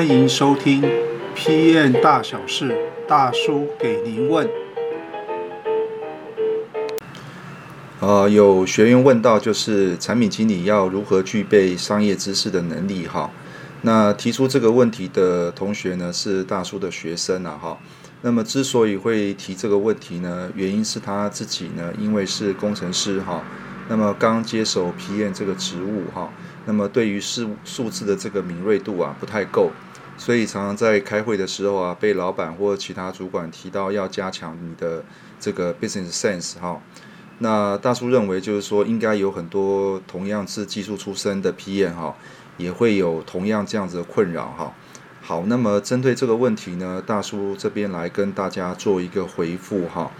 歡迎收聽《PM 大小事》，大叔給您問。呃、有學員問到，就是產品經理要如何具備商業知識的能力？哈，那提出這個問題的同學呢，是大叔的學生吶、啊。哈，那麼之所以會提這個問題呢，原因是他自己呢，因為是工程師哈，那麼剛接手 PM 這個職務哈，那麼對於數數字的這個敏銳度啊，不太夠。所以常常在開會的時候啊，被老闆或其他主管提到要加強你的這個 business sense 哈。那大叔認為就是說，應該有很多同樣是技術出身的 PM 哈，也會有同樣這樣子的困擾哈。好，那麼針對這個問題呢，大叔這邊來跟大家做一個回復哈。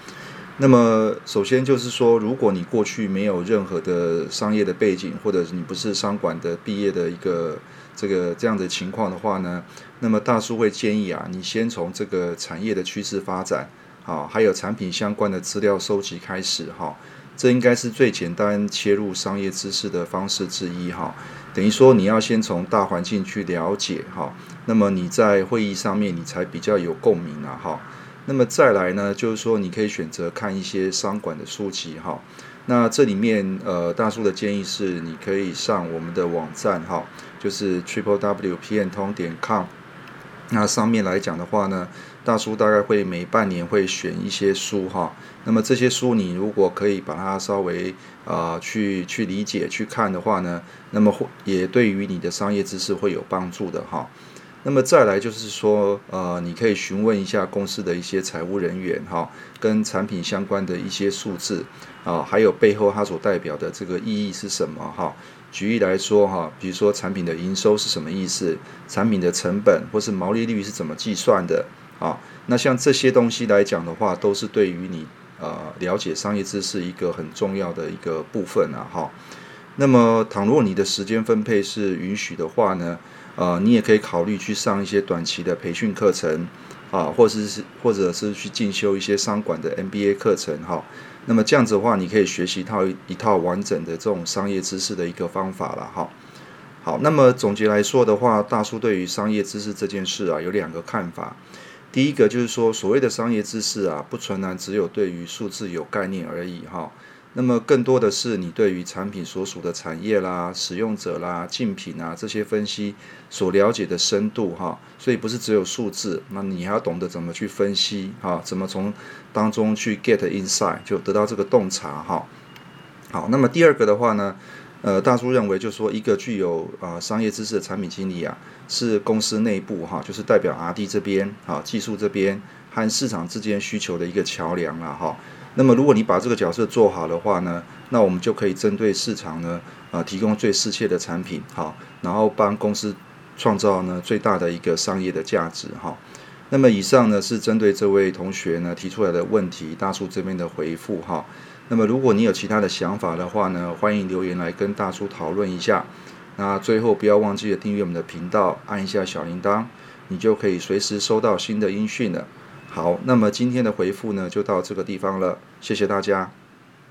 那麼，首先就是說，如果你過去沒有任何的商業的背景，或者是你不是商管的畢業的一個這個這樣的情況的話呢，那麼大叔會建議啊，你先從這個產業的趨勢發展啊，還有產品相關的資料收集開始哈。這應該是最簡單切入商業知識的方式之一哈。等於說，你要先從大環境去了解哈，那麼你在會議上面你才比較有共鳴啊哈。那麼再來呢，就是說，你可以選擇看一些商管的書籍哈。那這裡面呃，大叔的建議是，你可以上我們的網站哈，就是 triple w p m tone 點 com。那上面來講的話呢，大叔大概會每半年會選一些書哈。那麼這些書你如果可以把它稍微啊、呃、去去理解去看的話呢，那麼會也對於你的商業知識會有幫助的哈。那麼再來就是說，呃，你可以詢問一下公司的一些財務人員哈、哦，跟產品相關的一些數字啊、哦，還有背後它所代表的這個意義是什麼哈、哦。舉例來說哈、哦，比如說產品的營收是什麼意思，產品的成本或是毛利率是怎麼計算的啊、哦。那像這些東西來講的話，都是對於你呃了解商業知識一個很重要的一個部分啊哈、哦。那麼倘若你的時間分配是允許的話呢，呃，你也可以考慮去上一些短期的培訓課程，啊，或者是或者是去進修一些商管的 MBA 課程，哈。那麼這樣子的話，你可以學習一套一套完整的這種商業知識的一個方法了，哈。好，那麼總結來說的話，大叔對於商業知識這件事啊，有兩個看法。第一個就是說，所謂的商業知識啊，不純然只有對於數字有概念而已，哈。那麼更多的是你對於產品所屬的產業啦、使用者啦、競品啊這些分析所了解的深度哈、哦，所以不是只有數字，那你還要懂得怎麼去分析哈、哦，怎麼從當中去 get insight 就得到這個洞察哈、哦。好，那麼第二個的話呢，呃，大叔認為就是說一個具有啊、呃、商業知識的產品經理啊，是公司內部哈、哦，就是代表 R&D 這邊哈、哦，技術這邊和市場之間需求的一個橋樑了哈。哦那麼，如果你把這個角色做好的話呢，那我們就可以針對市場呢，啊、呃，提供最適切的產品，好，然後幫公司創造呢最大的一個商業的價值，哈。那麼，以上呢是針對這位同學呢提出來的問題，大叔這邊的回復，哈。那麼，如果你有其他的想法的話呢，歡迎留言來跟大叔討論一下。那最後，不要忘記了訂閱我們的頻道，按一下小鈴鐺，你就可以隨時收到新的音訊了。好，那麼今天的回復呢，就到這個地方了，謝謝大家。